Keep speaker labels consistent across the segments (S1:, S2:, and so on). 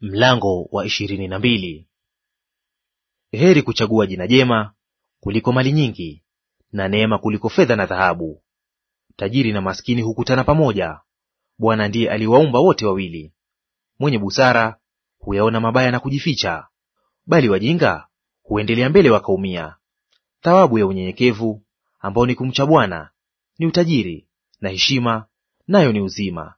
S1: Mlango wa ishirini na mbili. Heri kuchagua jina jema kuliko mali nyingi, na neema kuliko fedha na dhahabu. Tajiri na maskini hukutana pamoja, Bwana ndiye aliwaumba wote wawili. Mwenye busara huyaona mabaya na kujificha, bali wajinga huendelea mbele wakaumia. Thawabu ya unyenyekevu ambao ni kumcha Bwana ni utajiri na heshima, nayo ni uzima.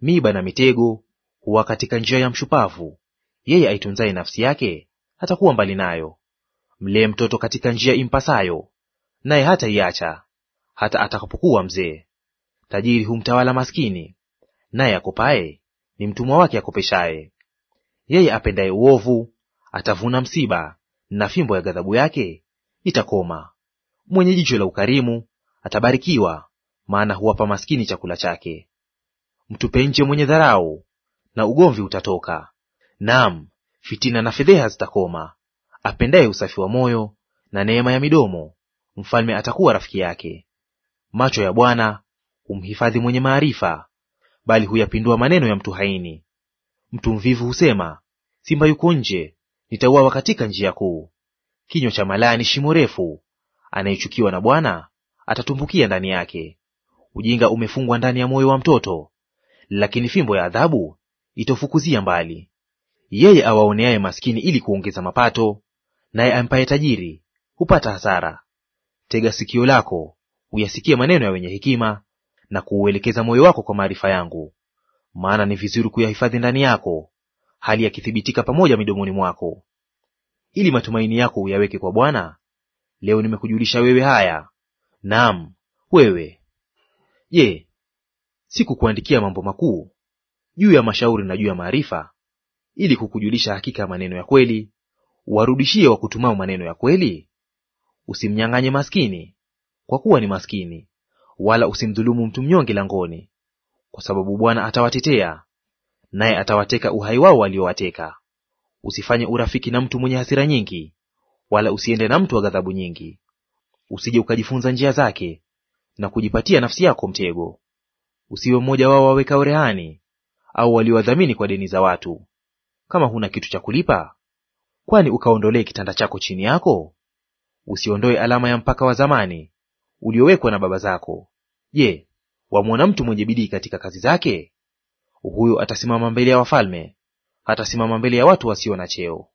S1: miba na mitego kuwa katika njia ya mshupavu, yeye aitunzaye nafsi yake hatakuwa mbali nayo. Mlee mtoto katika njia impasayo, naye hataiacha hata atakapokuwa mzee. Tajiri humtawala maskini, naye akopaye ni mtumwa wake akopeshaye. Yeye apendaye uovu atavuna msiba, na fimbo ya ghadhabu yake itakoma. Mwenye jicho la ukarimu atabarikiwa, maana huwapa maskini chakula chake. Mtupe nje mwenye dharau, na ugomvi utatoka. Naam, fitina na fedheha zitakoma. Apendaye usafi wa moyo na neema ya midomo, mfalme atakuwa rafiki yake. Macho ya Bwana humhifadhi mwenye maarifa, bali huyapindua maneno ya mtu haini. Mtu mvivu husema, simba yuko nje, nitauawa katika njia kuu. Kinywa cha malaya ni shimo refu, anayechukiwa na Bwana atatumbukia ndani yake. Ujinga umefungwa ndani ya moyo wa mtoto, lakini fimbo ya adhabu itofukuzia mbali. Yeye awaoneaye maskini ili kuongeza mapato, naye ampaye tajiri hupata hasara. Tega sikio lako uyasikie maneno ya wenye hekima, na kuuelekeza moyo wako kwa maarifa yangu. Maana ni vizuri kuyahifadhi ndani yako, hali yakithibitika pamoja midomoni mwako, ili matumaini yako uyaweke kwa Bwana. Leo nimekujulisha wewe haya, naam wewe. Je, sikukuandikia mambo makuu juu ya mashauri na juu ya maarifa, ili kukujulisha hakika ya maneno ya kweli, wa wakutumao maneno ya kweli. Usimnyang'anye maskini, kwa kuwa ni maskini, wala usimdhulumu mtu mnyonge langoni, kwa sababu Bwana atawatetea, naye atawateka uhai wao waliowateka. Usifanye urafiki na mtu mwenye hasira nyingi, wala usiende na mtu wa ghadhabu nyingi, usije ukajifunza njia zake na kujipatia nafsi yako mtego. Usiwe mmoja wao wawekao rehani, au waliwadhamini kwa deni za watu. Kama huna kitu cha kulipa, kwani ukaondolee kitanda chako chini yako? Usiondoe alama ya mpaka wa zamani uliowekwa na baba zako. Je, wamwona mtu mwenye bidii katika kazi zake? Huyo atasimama mbele ya wafalme, atasimama mbele ya watu wasio na cheo.